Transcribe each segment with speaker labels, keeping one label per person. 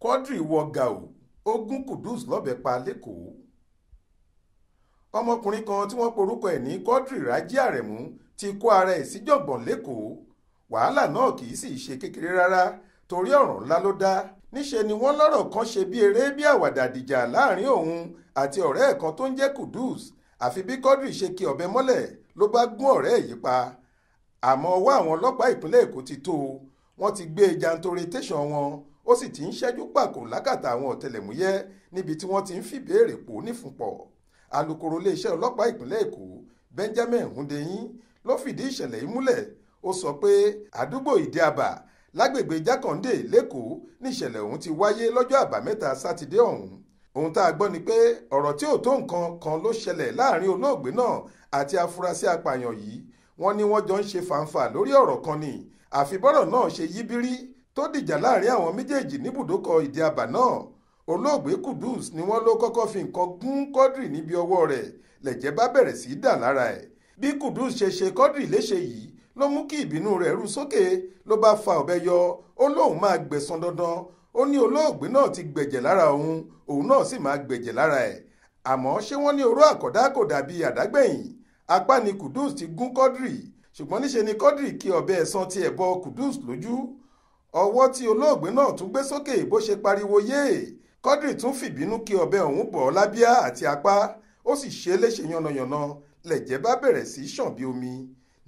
Speaker 1: quadri wọ gàù ó gún Kudus lọ́bẹ pa lẹ́kọ̀ọ́ ọmọkùnrin kan tí wọ́n porúkọ ẹ̀ ní quadri Rájí Àrẹ̀mú ti kó ara ẹ̀ síjọ̀gbọ̀n lẹ́kọ̀ọ́ wàhálà náà kì í sì ṣe kékeré rárá torí ọ̀ràn ńlá ló dá níṣe ni wọ́n lọ́rọ̀ kan ṣe bí eré bí àwàdà dìjà láàrin òun àti ọ̀rẹ́ ẹ̀ kan tó ń jẹ́ Kudus àfi bí quadri ṣe ki ọ̀bẹ mọ́lẹ̀ ló bá gún ọ̀rẹ́ yìí pa àmọ́ ọwọ́ àwọn ọlọ́pàá ìpínlẹ̀ Èkó ti tó wọ́n ti gbé e jantore tẹ̀sán wọn ó sì ti ń ṣẹ́jú pàkó lákàtà àwọn ọ̀tẹlẹ̀múyẹ́ níbi tí wọ́n ti ń fìbéèrè pò nífúnpọ̀ alukoro iléeṣẹ́ ọlọ́pàá ìpínlẹ̀ èkó benjamin hundeyin ló fìdí ìṣẹ̀lẹ̀ yìí múlẹ̀ ó sọ pé àdúgbò ìdíàbà lágbègbè jákàndé lẹ́kọ̀ọ́ níṣẹ̀lẹ̀ ọ̀hún ti wáyé lọ́jọ́ àbámẹ́ta sátidé ọ̀hún ohun tá a gbọ́ ni pé ọ̀rọ̀ tí ò tó nǹkan kan ló ṣẹlẹ̀ láàrin olóògbé náà àti afurasí apààyàn yìí wọ́n ní wọ́n jọ ń ṣe fàǹfà lórí ọ̀rọ̀ kan ni àfi náà ṣe yíbírí tó dìjà láàrin àwọn méjèèjì níbùdókọ̀ ìdí abà náà olóògbé Kudus ni wọ́n ló kọ́kọ́ fi nǹkan gún Quadri níbi ọwọ́ rẹ̀ lẹ̀jẹ̀ bá bẹ̀rẹ̀ sí í dà lára ẹ̀ bí Kudus ṣe ṣe Quadri léṣe yìí ló mú kí ìbínú rẹ̀ rú sókè ló bá fa ọ̀bẹ yọ ó lóun máa gbẹ̀san dandan ó ní olóògbé náà ti gbẹ̀jẹ̀ lára òun òun náà sì máa gbẹ̀jẹ̀ lára ẹ̀ àmọ́ ṣé wọ́n ní oró àkọ́dá kò dàbí àdágbẹ̀yìn apá ni Kudus ti gún Quadri ṣùgbọ́n níṣe ni Quadri kí ọ̀bẹ ẹ̀san tiẹ̀ bọ Kudus lójú ọwọ́ tí olóògbé náà tún gbé sókè bó ṣe pariwo yéè Quadri tún fìbínú kí ọbẹ̀ ọ̀hún bọ̀ lábíà àti apá ó sì ṣe é léṣe yánnayànna lẹ̀jẹ̀ bá bẹ̀rẹ̀ sí í ṣàn bí omi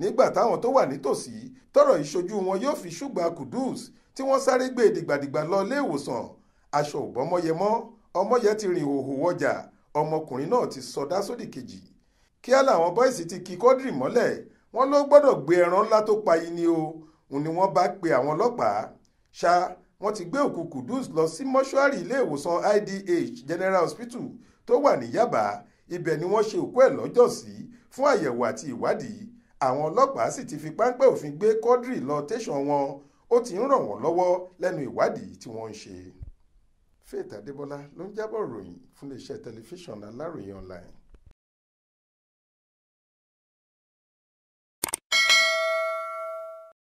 Speaker 1: nígbà táwọn tó wà nítòsí tọrọ ìṣojú wọn yóò fi ṣùgbà Kudus tí wọ́n sáré gbé e dìgbàdìgbà lọ ilé ìwòsàn aṣọ òbọ́mọyẹmọ́ ọmọyẹ ti rìn ìhòhò wọjà ọmọkùnrin náà ti sọdá sódì kejì kíá làwọn bọ́ìsì ti kí Quadri mọ́lẹ̀ wọ́n ló gbọ́dọ̀ gbé ẹran ńlá tó pa yìí ni o òun ni wọ́n bá pe àwọn ọlọ́pàá ṣá wọ́n ti gbé òkú Kudus lọ sí mọ́ṣúárì iléèwòsàn IDH General Hospital tó wà ní Yaba ibẹ̀ ni wọ́n ṣe òkú ẹ̀ lọ́jọ́sí fún àyẹ̀wò àti ìwádìí àwọn ọlọ́pàá sì ti fi páńpẹ́ òfin gbé Quadri lọ tẹ̀sán wọn ó ti ń ràn wọ́n lọ́wọ́ lẹ́nu ìwádìí tí wọ́n ń ṣe. Faith Adébọlá ló ń jábọ̀ ròyìn fún iléeṣẹ́ tẹlifíṣàn Aláròye online.